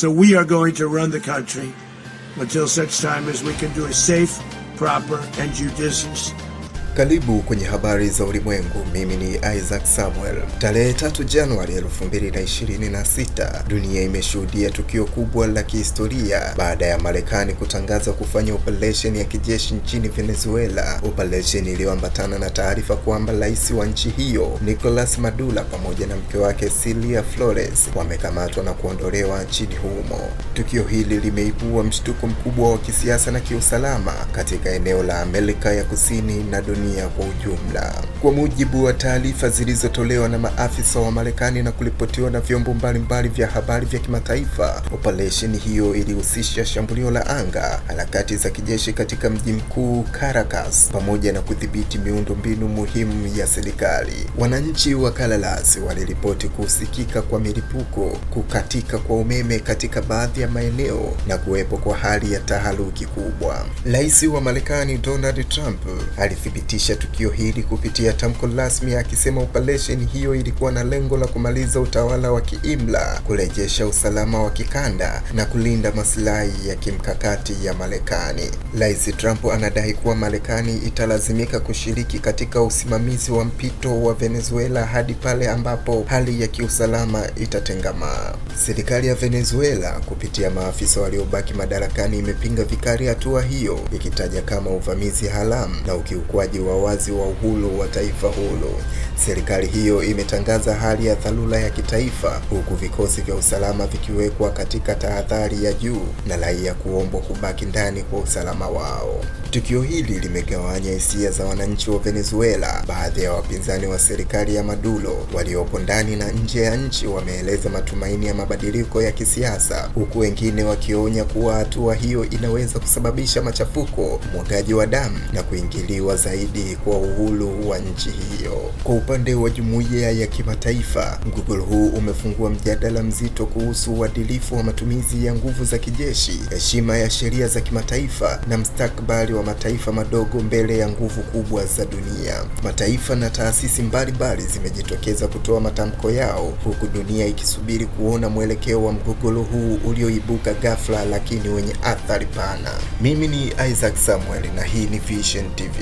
So we are going to run the country until such time as we can do a safe, proper, and judicious Karibu kwenye habari za ulimwengu. Mimi ni Isaac Samuel. Tarehe 3 Januari 2026, dunia imeshuhudia tukio kubwa la kihistoria baada ya Marekani kutangaza kufanya operesheni ya kijeshi nchini Venezuela, operesheni iliyoambatana na taarifa kwamba rais wa nchi hiyo Nicolas Maduro pamoja na mke wake Cilia Flores wamekamatwa na kuondolewa nchini humo. Tukio hili limeibua mshtuko mkubwa wa kisiasa na kiusalama katika eneo la Amerika ya Kusini na dunia dunia kwa ujumla. Kwa mujibu wa taarifa zilizotolewa na maafisa wa Marekani na kuripotiwa na vyombo mbalimbali vya habari vya kimataifa, operesheni hiyo ilihusisha shambulio la anga, harakati za kijeshi katika mji mkuu Caracas, pamoja na kudhibiti miundombinu muhimu ya serikali. Wananchi wa Caracas waliripoti kuhusikika kwa milipuko, kukatika kwa umeme katika baadhi ya maeneo na kuwepo kwa hali ya taharuki kubwa. Rais wa Marekani Donald Trump alithibitisha kuthibitisha tukio hili kupitia tamko rasmi akisema operesheni hiyo ilikuwa na lengo la kumaliza utawala wa kiimla, kurejesha usalama wa kikanda na kulinda maslahi ya kimkakati ya Marekani. Rais Trump anadai kuwa Marekani italazimika kushiriki katika usimamizi wa mpito wa Venezuela hadi pale ambapo hali ya kiusalama itatengamaa. Serikali ya Venezuela kupitia maafisa waliobaki madarakani imepinga vikali hatua hiyo ikitaja kama uvamizi haramu na ukiukwaji ukiukaji wa wazi wa uhuru wa taifa huru. Serikali hiyo imetangaza hali ya dharura ya kitaifa, huku vikosi vya usalama vikiwekwa katika tahadhari ya juu na raia kuombwa kubaki ndani kwa usalama wao. Tukio hili limegawanya hisia za wananchi wa Venezuela. Baadhi ya wapinzani wa serikali ya Maduro waliopo ndani na nje ya nchi wameeleza matumaini ya mabadiliko ya kisiasa, huku wengine wakionya kuwa hatua hiyo inaweza kusababisha machafuko, mwagaji wa damu na kuingiliwa zaidi zaidi kwa uhuru wa nchi hiyo. Kwa upande wa jumuiya ya kimataifa, mgogoro huu umefungua mjadala mzito kuhusu uadilifu wa matumizi ya nguvu za kijeshi, heshima ya sheria za kimataifa na mstakbali wa mataifa madogo mbele ya nguvu kubwa za dunia. Mataifa na taasisi mbalimbali zimejitokeza kutoa matamko yao, huku dunia ikisubiri kuona mwelekeo wa mgogoro huu ulioibuka ghafla, lakini wenye athari pana. Mimi ni Isaac Samuel na hii ni Vision TV.